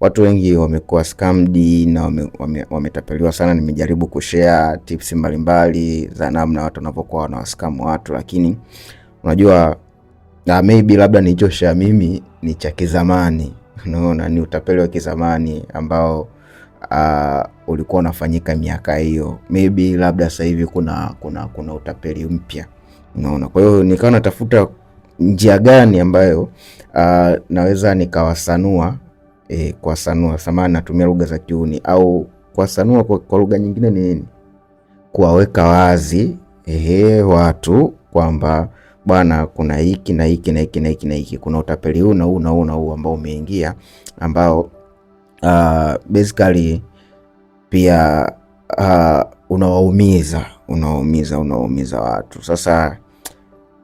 watu wengi wamekuwa scammed na wametapeliwa wame, wame sana. Nimejaribu kushare tips mbalimbali za namna watu wanavyokuwa wanawascam watu, lakini unajua na maybe labda nilichoshare mimi ni cha kizamani, unaona ni utapeli wa kizamani ambao uh, ulikuwa unafanyika miaka hiyo, maybe labda sasa hivi kuna kuna kuna utapeli mpya, unaona. Kwa hiyo nikawa natafuta njia gani ambayo uh, naweza nikawasanua e, kuwasanua. samani natumia lugha za kiuni au kuwasanua kwa, kwa lugha nyingine ni nini? Kuwaweka wazi ehe, watu kwamba bwana, kuna hiki na hiki na hiki na hiki na hiki, kuna utapeli huu na huu na huu na huu ambao umeingia, ambao uh, basically pia uh, unawaumiza unawaumiza unawaumiza watu. Sasa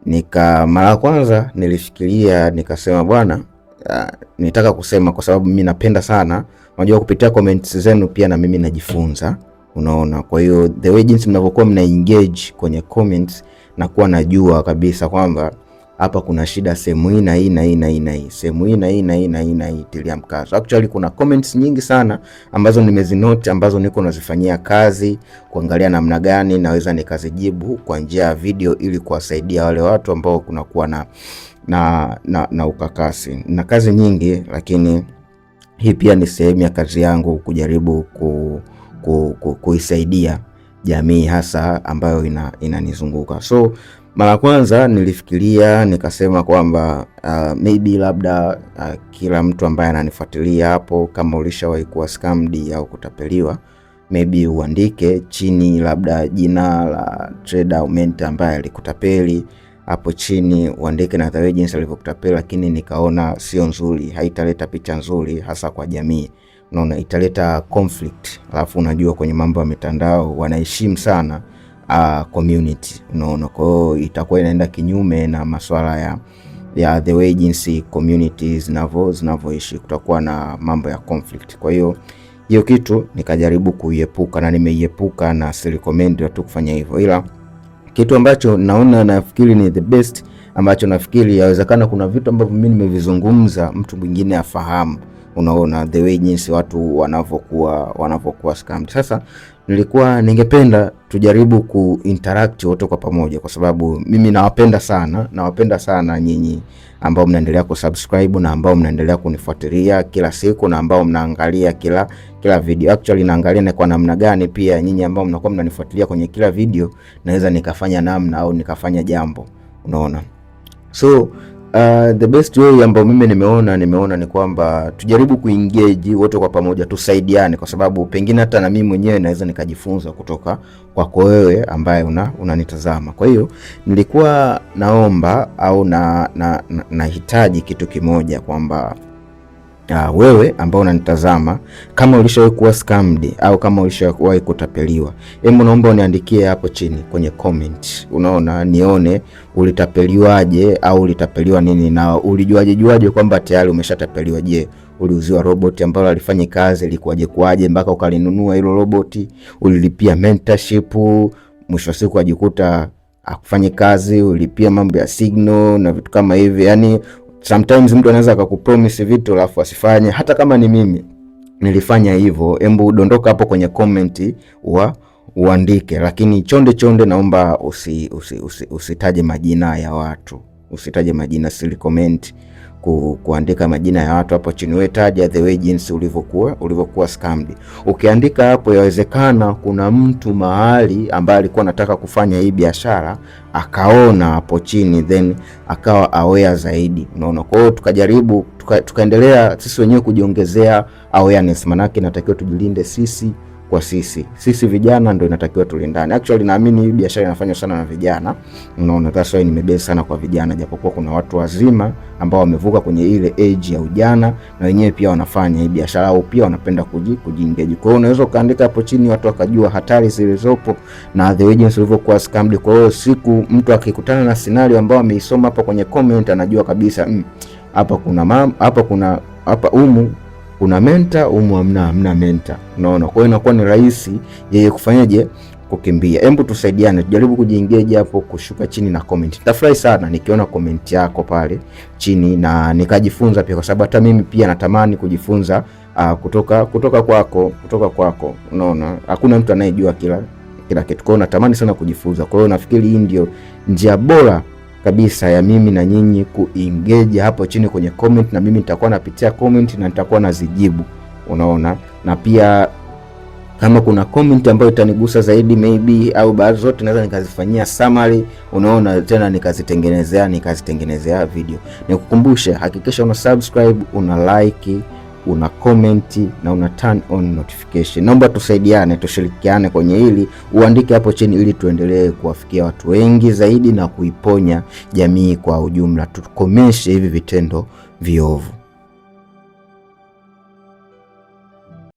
nika mara ya kwanza nilifikiria nikasema, bwana Ah, nitaka kusema kwa sababu mimi napenda sana, unajua kupitia comments zenu pia na mimi najifunza, unaona. Kwa hiyo the way jinsi mnavyokuwa mna engage kwenye comments na kuwa najua kabisa kwamba hapa kuna shida sehemu hii na hii na hii na hii na hii, sehemu hii na hii na hii na hii na hii, tilia mkazo. Actually kuna comments nyingi sana ambazo nimezinote, ambazo niko nazifanyia kazi kuangalia namna gani naweza nikazijibu kwa njia ya video ili kuwasaidia wale watu ambao kunakuwa na, na, na, na ukakasi na kazi nyingi, lakini hii pia ni sehemu ya kazi yangu kujaribu ku, ku, ku, kuisaidia jamii hasa ambayo inanizunguka ina so mara kwanza nilifikiria nikasema kwamba uh, maybe labda uh, kila mtu ambaye ananifuatilia hapo, kama ulishawahi kuwa scammed au kutapeliwa, maybe uandike chini labda jina la trader au mentor ambaye alikutapeli hapo chini, uandike na jinsi alivyokutapeli, lakini nikaona sio nzuri, haitaleta picha nzuri hasa kwa jamii naona italeta conflict. Alafu unajua kwenye mambo ya mitandao wanaheshimu sana uh, community unaona, kwa hiyo itakuwa inaenda kinyume na masuala ya ya the way jinsi community zinavyo zinavyoishi, kutakuwa na mambo ya conflict. Kwa hiyo hiyo kitu nikajaribu kuiepuka na nimeiepuka, na si recommend watu kufanya hivyo, ila kitu ambacho naona nafikiri ni the best ambacho nafikiri yawezekana, kuna vitu ambavyo mimi nimevizungumza mtu mwingine afahamu unaona the way jinsi watu wanavyokuwa wanavyokuwa scammed. Sasa nilikuwa ningependa tujaribu kuinteract wote kwa pamoja, kwa sababu mimi nawapenda sana, nawapenda sana nyinyi ambao mnaendelea kusubscribe na ambao mnaendelea kunifuatilia kila siku na ambao mnaangalia kila kila video. Actually naangalia na kwa namna gani pia nyinyi ambao mnakuwa mnanifuatilia kwenye kila video naweza nikafanya namna au nikafanya jambo, unaona so Uh, the best way ambayo mimi nimeona nimeona ni kwamba tujaribu kuengage wote kwa pamoja, tusaidiane, kwa sababu pengine hata na mimi mwenyewe naweza nikajifunza kutoka kwako wewe ambaye unanitazama una. Kwa hiyo nilikuwa naomba au na nahitaji na, na kitu kimoja kwamba Uh, wewe ambao unanitazama kama ulishawahi kuwa scammed au kama ulishawahi kutapeliwa, hebu naomba uniandikie hapo chini kwenye comment, unaona, nione ulitapeliwaje au ulitapeliwa nini, na ulijuaje juaje kwamba tayari umeshatapeliwa? Je, uliuziwa robot ambalo alifanya kazi, ilikuwaje kuaje mpaka ukalinunua hilo robot? Ulilipia mentorship, mwisho wa siku ajikuta akufanye kazi, ulipia mambo ya signal na vitu kama hivi, yani Sometimes mtu anaweza akakupromise vitu alafu asifanye. Hata kama ni mimi nilifanya hivyo, hebu dondoka hapo kwenye comment wa uandike, lakini chonde chonde, naomba usitaje usi, usi, usitaje majina ya watu, usitaje majina, sili comment ku, kuandika majina ya watu hapo chini, wewe taja the way jinsi ulivyokuwa ulivyokuwa scammed. Ukiandika hapo, yawezekana kuna mtu mahali ambaye alikuwa anataka kufanya hii biashara akaona hapo chini, then akawa aware zaidi, unaona. Kwa hiyo tukajaribu tuka, tukaendelea sisi wenyewe kujiongezea awareness, manake natakiwa tujilinde sisi kwa sisi. Sisi vijana ndio inatakiwa tulindane. Actually naamini hii biashara inafanywa sana na vijana. Unaona, that's why nimebase sana kwa vijana, japokuwa kuna watu wazima ambao wamevuka kwenye ile age ya ujana na wenyewe pia wanafanya hii biashara au pia wanapenda kuji kujiengage. Kwa hiyo unaweza ukaandika hapo chini watu wakajua hatari zilizopo na the agents walivyokuwa scammed. Kwa hiyo siku mtu akikutana na scenario ambao ameisoma hapa kwenye comment anajua kabisa mm, hapa mm, kuna mam, hapa kuna hapa umu kuna menta umu amna amna menta, unaona. Kwa hiyo inakuwa ni rahisi yeye kufanyaje kukimbia. Hebu tusaidiane, tujaribu kujiengage hapo, kushuka chini na comment. Nitafurahi sana nikiona comment yako pale chini na nikajifunza pia, kwa sababu hata mimi pia natamani kujifunza uh, kutoka kutoka kwako kutoka kwako, unaona, hakuna mtu anayejua kila kila kitu. Kwa hiyo natamani sana kujifunza. Kwa hiyo nafikiri hii ndio njia bora kabisa ya mimi na nyinyi kuengage hapo chini kwenye comment, na mimi nitakuwa napitia comment na nitakuwa nazijibu, unaona. Na pia kama kuna comment ambayo itanigusa zaidi maybe au baadhi zote naweza nikazifanyia summary, unaona, tena nikazitengenezea nikazitengenezea video. Nikukumbushe, hakikisha una subscribe, una like una comment na una turn on notification. Naomba tusaidiane, tushirikiane kwenye hili, uandike hapo chini ili tuendelee kuwafikia watu wengi zaidi na kuiponya jamii kwa ujumla. Tukomeshe hivi vitendo viovu.